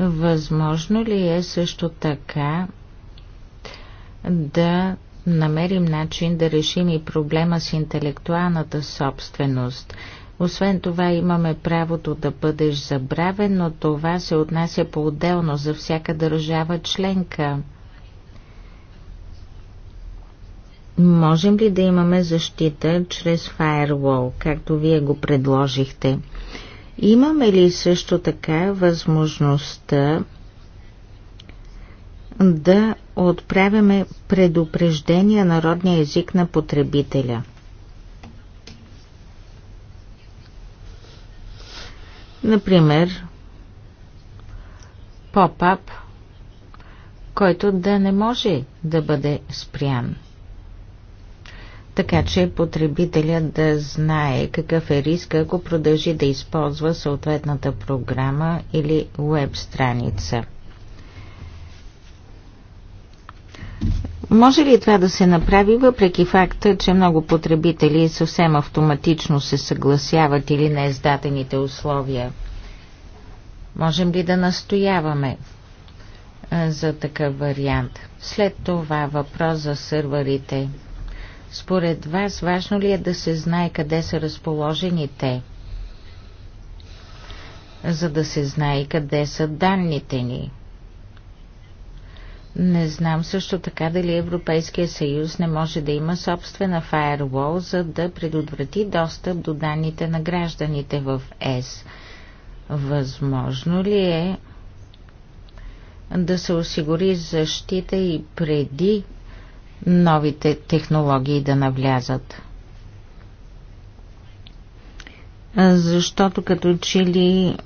Възможно ли е също така да намерим начин да решим и проблема с интелектуалната собственост? Освен това имаме правото да бъдеш забравен, но това се отнася по-отделно за всяка държава членка. Можем ли да имаме защита чрез фаервол, както вие го предложихте? Имаме ли също така възможността да отправяме предупреждения народния език на потребителя? Например, поп-ап, който да не може да бъде спрян – така че потребителят да знае какъв е риск, ако продължи да използва съответната програма или веб страница. Може ли това да се направи, въпреки факта, че много потребители съвсем автоматично се съгласяват или не издадените условия? Можем ли да настояваме за такъв вариант? След това въпрос за сървърите – според вас важно ли е да се знае къде са разположени те? За да се знае къде са данните ни. Не знам също така дали Европейския съюз не може да има собствена фаервол, за да предотврати достъп до данните на гражданите в ЕС. Възможно ли е да се осигури защита и преди новите технологии да навлязат. Защото като че ли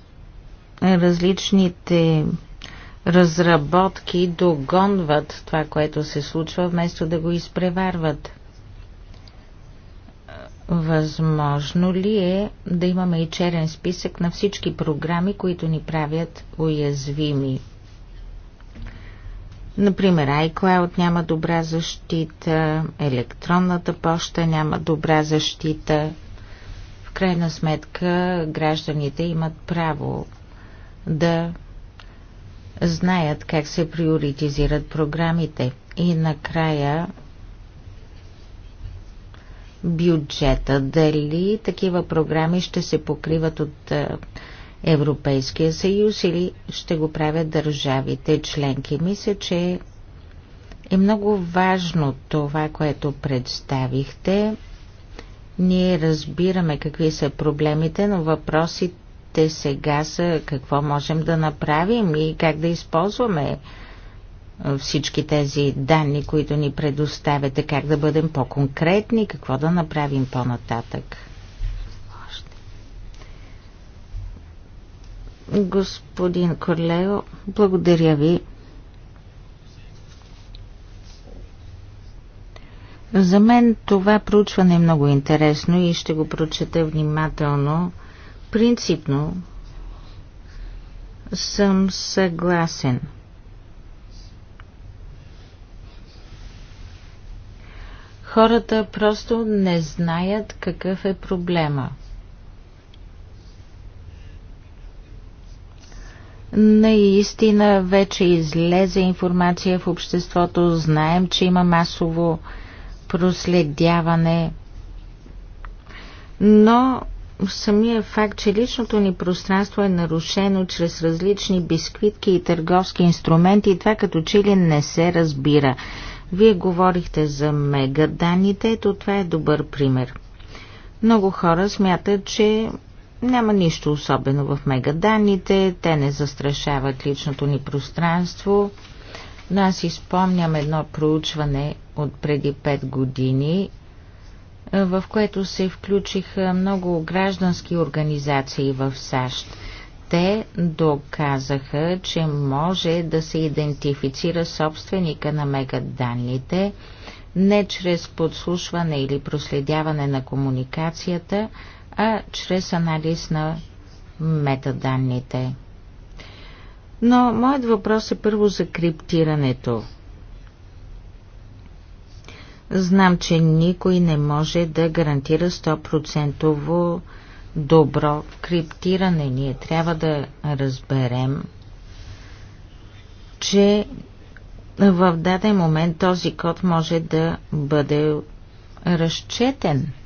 различните разработки догонват това, което се случва, вместо да го изпреварват. Възможно ли е да имаме и черен списък на всички програми, които ни правят уязвими? Например, iCloud няма добра защита, електронната поща няма добра защита. В крайна сметка гражданите имат право да знаят как се приоритизират програмите. И накрая бюджета. Дали такива програми ще се покриват от Европейския съюз или ще го правят държавите членки. Мисля, че е много важно това, което представихте. Ние разбираме какви са проблемите, но въпросите сега са какво можем да направим и как да използваме всички тези данни, които ни предоставяте, как да бъдем по-конкретни, какво да направим по-нататък. Господин Корлео, благодаря ви. За мен това проучване е много интересно и ще го прочета внимателно. Принципно съм съгласен. Хората просто не знаят какъв е проблема – Наистина вече излезе информация в обществото, знаем, че има масово проследяване, но самия факт, че личното ни пространство е нарушено чрез различни бисквитки и търговски инструменти, това като че ли не се разбира. Вие говорихте за мегаданите, ето това е добър пример. Много хора смятат, че няма нищо особено в мегаданните, те не застрашават личното ни пространство, но аз изпомням едно проучване от преди 5 години, в което се включиха много граждански организации в САЩ. Те доказаха, че може да се идентифицира собственика на мегаданните не чрез подслушване или проследяване на комуникацията, а чрез анализ на метаданните. Но моят въпрос е първо за криптирането. Знам, че никой не може да гарантира 100% добро криптиране. Ние трябва да разберем, че в даден момент този код може да бъде разчетен –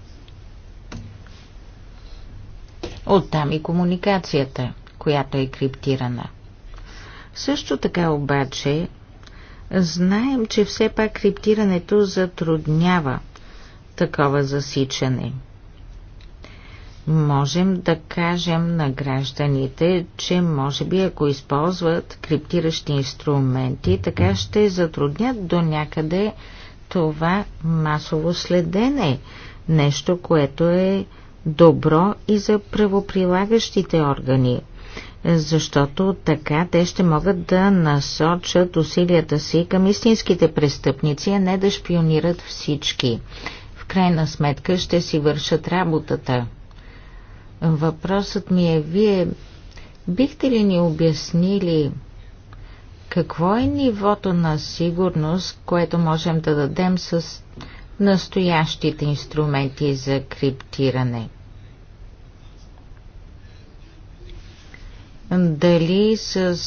Оттам и комуникацията, която е криптирана. Също така обаче знаем, че все пак криптирането затруднява такова засичане. Можем да кажем на гражданите, че може би ако използват криптиращи инструменти, така ще затруднят до някъде това масово следене. Нещо, което е добро и за правоприлагащите органи, защото така те ще могат да насочат усилията си към истинските престъпници, а не да шпионират всички. В крайна сметка ще си вършат работата. Въпросът ми е, вие бихте ли ни обяснили какво е нивото на сигурност, което можем да дадем с настоящите инструменти за криптиране? дали с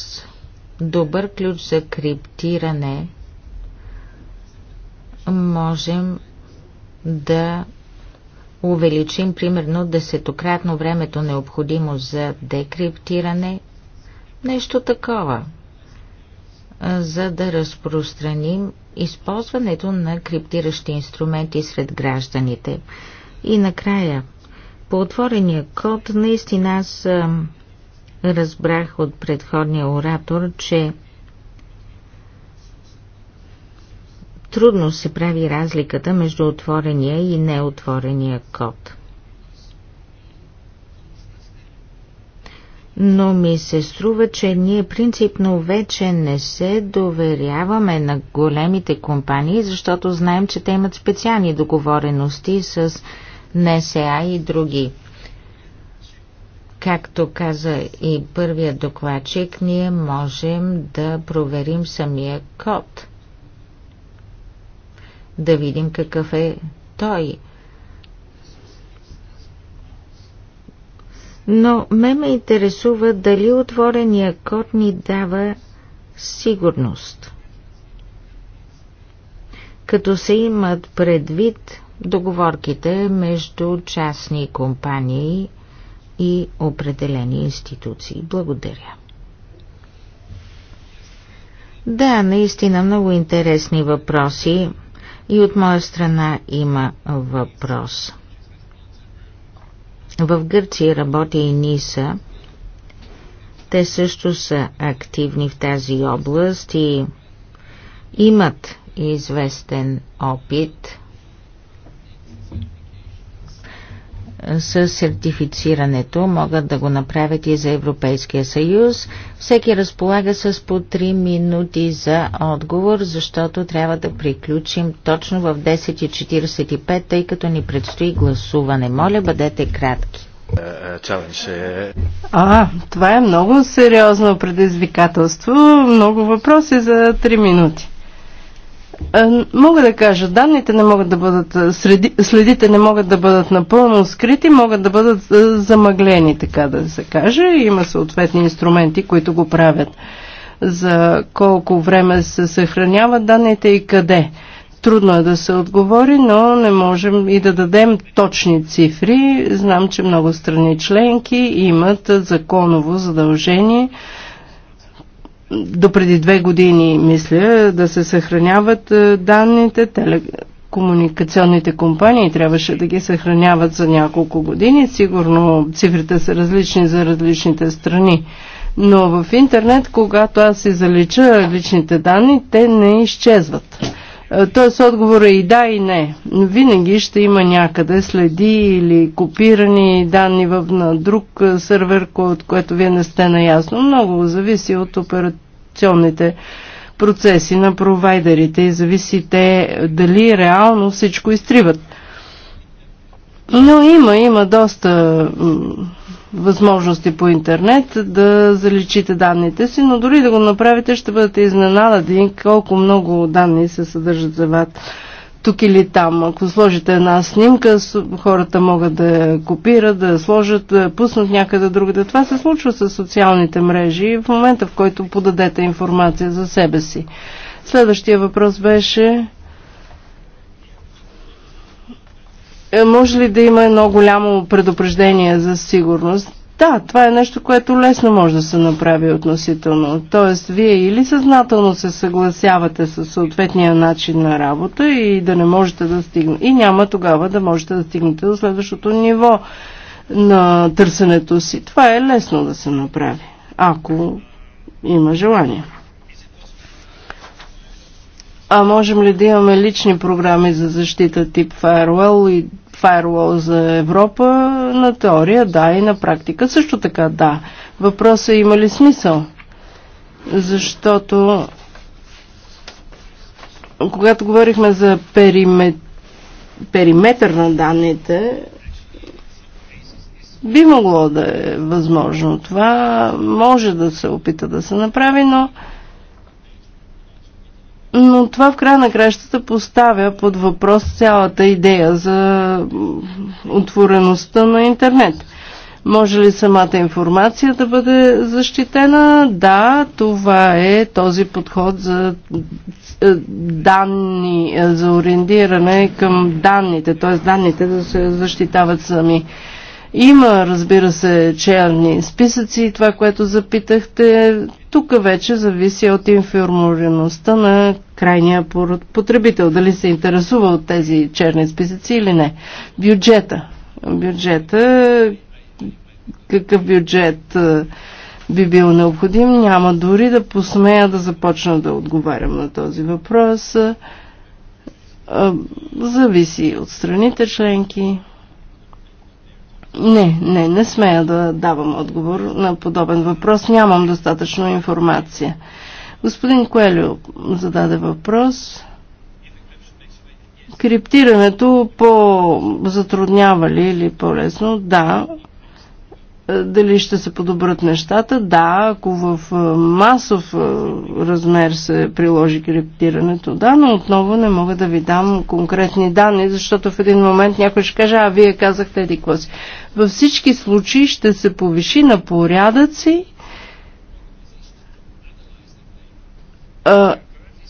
добър ключ за криптиране можем да увеличим примерно десетократно времето необходимо за декриптиране, нещо такова, за да разпространим използването на криптиращи инструменти сред гражданите. И накрая, по отворения код, наистина аз разбрах от предходния оратор, че трудно се прави разликата между отворения и неотворения код. Но ми се струва, че ние принципно вече не се доверяваме на големите компании, защото знаем, че те имат специални договорености с НСА и други. Както каза и първият докладчик, ние можем да проверим самия код. Да видим какъв е той. Но ме ме интересува дали отворения код ни дава сигурност. Като се имат предвид договорките между частни компании – и определени институции. Благодаря. Да, наистина много интересни въпроси и от моя страна има въпрос. В Гърция работи и НИСА. Те също са активни в тази област и имат известен опит – с сертифицирането, могат да го направят и за Европейския съюз. Всеки разполага с по 3 минути за отговор, защото трябва да приключим точно в 10.45, тъй като ни предстои гласуване. Моля, бъдете кратки. А, това е много сериозно предизвикателство. Много въпроси за 3 минути. Е, мога да кажа, данните не могат да бъдат, е, следите не могат да бъдат напълно скрити, могат да бъдат е, замъглени, така да се каже. Има съответни инструменти, които го правят. За колко време се съхраняват данните и къде. Трудно е да се отговори, но не можем и да дадем точни цифри. Знам, че много страни членки имат законово задължение до преди две години, мисля, да се съхраняват е, данните. Телекомуникационните компании трябваше да ги съхраняват за няколко години. Сигурно цифрите са различни за различните страни. Но в интернет, когато аз си залича личните данни, те не изчезват. Тоест отговора е и да и не. Винаги ще има някъде следи или копирани данни в, на друг сервер, от което вие не сте наясно. Много зависи от операционните процеси на провайдерите и зависи те дали реално всичко изтриват. Но има, има доста възможности по интернет да заличите данните си, но дори да го направите ще бъдете изненадани колко много данни се съдържат за вас тук или там. Ако сложите една снимка, хората могат да я копират, да я сложат, да я пуснат някъде другата. Това се случва с социалните мрежи в момента, в който подадете информация за себе си. Следващия въпрос беше Е, може ли да има едно голямо предупреждение за сигурност? Да, това е нещо, което лесно може да се направи относително. Тоест, вие или съзнателно се съгласявате с съответния начин на работа и да не можете да стигнете. И няма тогава да можете да стигнете до следващото ниво на търсенето си. Това е лесно да се направи, ако има желание. А можем ли да имаме лични програми за защита тип Firewall и фаервол за Европа, на теория да и на практика също така да. Въпросът е има ли смисъл? Защото когато говорихме за периметр, периметър на данните, би могло да е възможно. Това може да се опита да се направи, но но това в края на кращата поставя под въпрос цялата идея за отвореността на интернет. Може ли самата информация да бъде защитена? Да, това е този подход за е, данни, е, за ориентиране към данните, т.е. данните да се защитават сами. Има, разбира се, черни списъци и това, което запитахте, тук вече зависи от информираността на крайния потребител, дали се интересува от тези черни списъци или не. Бюджета. Бюджета, какъв бюджет би бил необходим, няма дори да посмея да започна да отговарям на този въпрос. Зависи от страните членки не, не, не смея да давам отговор на подобен въпрос. Нямам достатъчно информация. Господин Коелю зададе въпрос. Криптирането по-затруднява ли или по-лесно? Да, е, дали ще се подобрат нещата? Да, ако в е, масов е, размер се приложи криптирането, да, но отново не мога да ви дам конкретни данни, защото в един момент някой ще каже, а вие казахте еди си. Във всички случаи ще се повиши на порядъци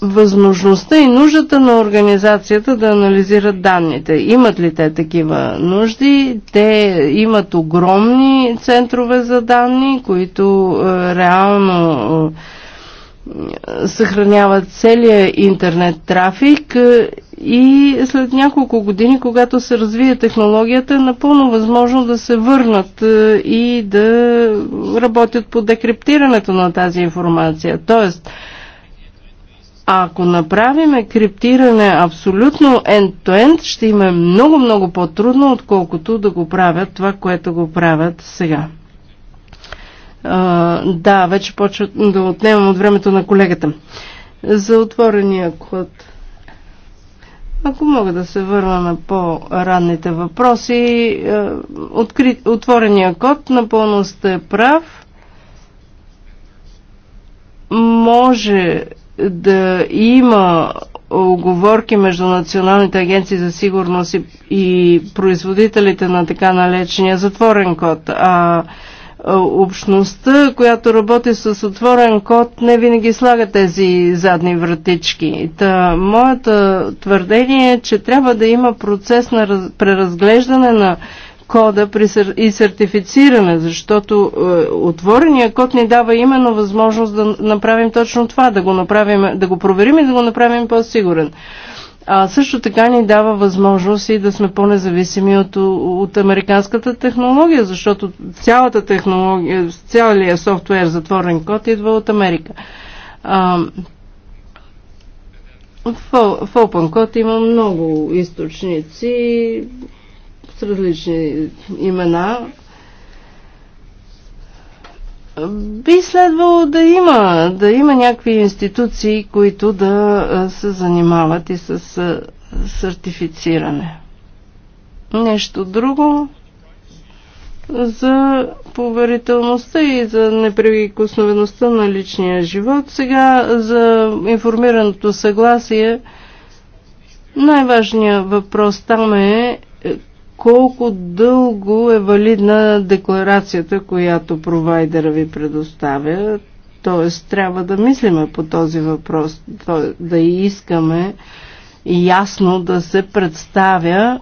възможността и нуждата на организацията да анализират данните. Имат ли те такива нужди? Те имат огромни центрове за данни, които е, реално е, съхраняват целия интернет трафик е, и след няколко години, когато се развие технологията, е напълно възможно да се върнат и да работят по декриптирането на тази информация. Тоест, ако направиме криптиране абсолютно end-to-end, -end, ще им е много, много по-трудно, отколкото да го правят това, което го правят сега. А, да, вече почвам да отнемам от времето на колегата. За отворения код. Ако мога да се върна на по-ранните въпроси, откри... отворения код, напълно сте прав. Може да има оговорки между националните агенции за сигурност и, и производителите на така налечения затворен код. А общността, която работи с отворен код, не винаги слага тези задни вратички. Та, моята твърдение е, че трябва да има процес на раз, преразглеждане на кода и сертифициране, защото е, отворения код ни дава именно възможност да направим точно това, да го, направим, да го проверим и да го направим по-сигурен. А също така ни дава възможност и да сме по-независими от, от американската технология, защото цялата технология, цялия софтуер затворен код идва от Америка. А, в, в OpenCode има много източници с различни имена. Би следвало да има, да има някакви институции, които да се занимават и с сертифициране. Нещо друго за поверителността и за неприкосновеността на личния живот. Сега за информираното съгласие най-важният въпрос там е колко дълго е валидна декларацията, която провайдера ви предоставя. Тоест, трябва да мислиме по този въпрос, да искаме ясно да се представя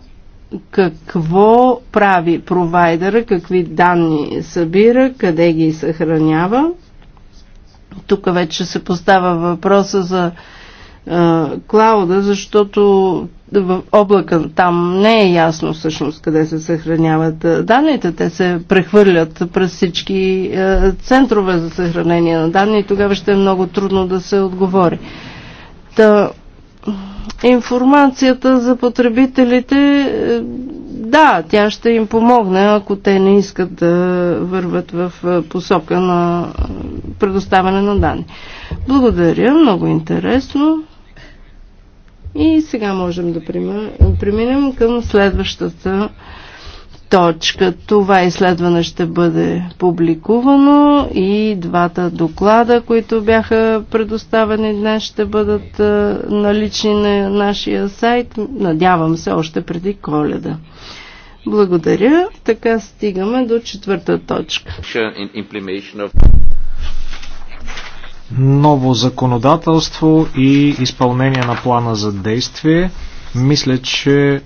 какво прави провайдера, какви данни събира, къде ги съхранява. Тук вече се поставя въпроса за клауда, защото в облака там не е ясно всъщност къде се съхраняват данните. Те се прехвърлят през всички центрове за съхранение на данни и тогава ще е много трудно да се отговори. Та, информацията за потребителите, е, да, тя ще им помогне, ако те не искат да върват в посока на предоставяне на данни. Благодаря, много интересно. И сега можем да преминем към следващата точка. Това изследване ще бъде публикувано и двата доклада, които бяха предоставени днес, ще бъдат налични на нашия сайт. Надявам се, още преди коледа. Благодаря. Така стигаме до четвърта точка ново законодателство и изпълнение на плана за действие. Мисля, че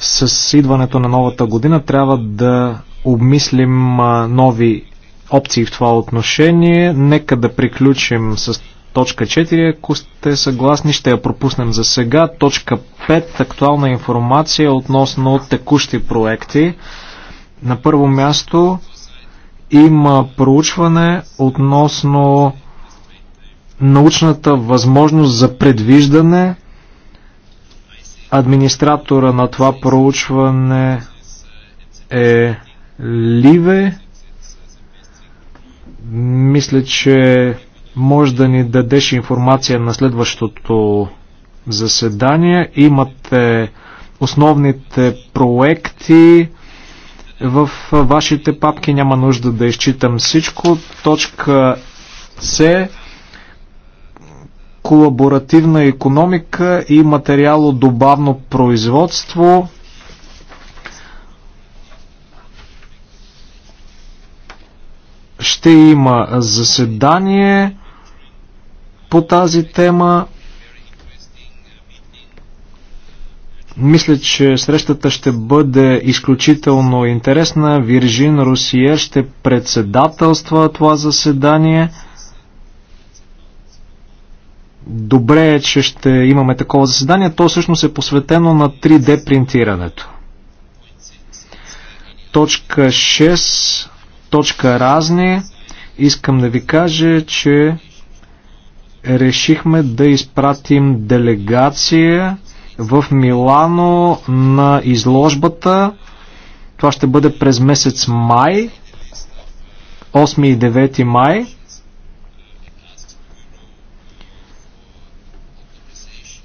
с идването на новата година трябва да обмислим нови опции в това отношение. Нека да приключим с точка 4, ако сте съгласни, ще я пропуснем за сега. Точка 5, актуална информация относно текущи проекти. На първо място има проучване относно научната възможност за предвиждане. Администратора на това проучване е Ливе. Мисля, че може да ни дадеш информация на следващото заседание. Имате основните проекти, в вашите папки. Няма нужда да изчитам всичко. Точка С колаборативна економика и материало-добавно производство. Ще има заседание по тази тема. Мисля, че срещата ще бъде изключително интересна. Виржин Русия ще председателства това заседание. Добре е, че ще имаме такова заседание. То всъщност е посветено на 3D принтирането. Точка 6, точка разни. Искам да ви кажа, че решихме да изпратим делегация в Милано на изложбата. Това ще бъде през месец май, 8 и 9 май.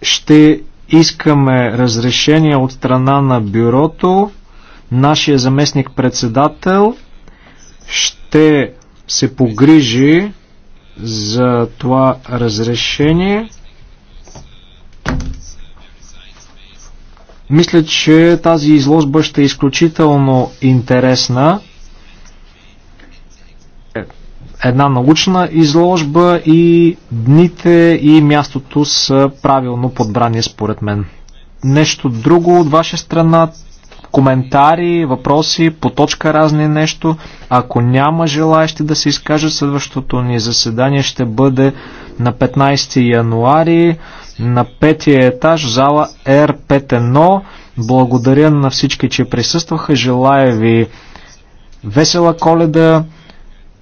Ще искаме разрешение от страна на бюрото. Нашия заместник-председател ще се погрижи за това разрешение. Мисля, че тази изложба ще е изключително интересна. Една научна изложба и дните и мястото са правилно подбрани според мен. Нещо друго от ваша страна, коментари, въпроси, по точка разни нещо. Ако няма желаящи да се изкажат, следващото ни заседание ще бъде на 15 януари на петия етаж, зала R5.1. Благодаря на всички, че присъстваха. Желая ви весела коледа,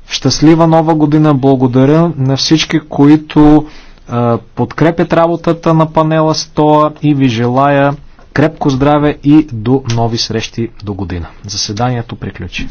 щастлива нова година. Благодаря на всички, които е, подкрепят работата на панела 100 и ви желая крепко здраве и до нови срещи до година. Заседанието приключи.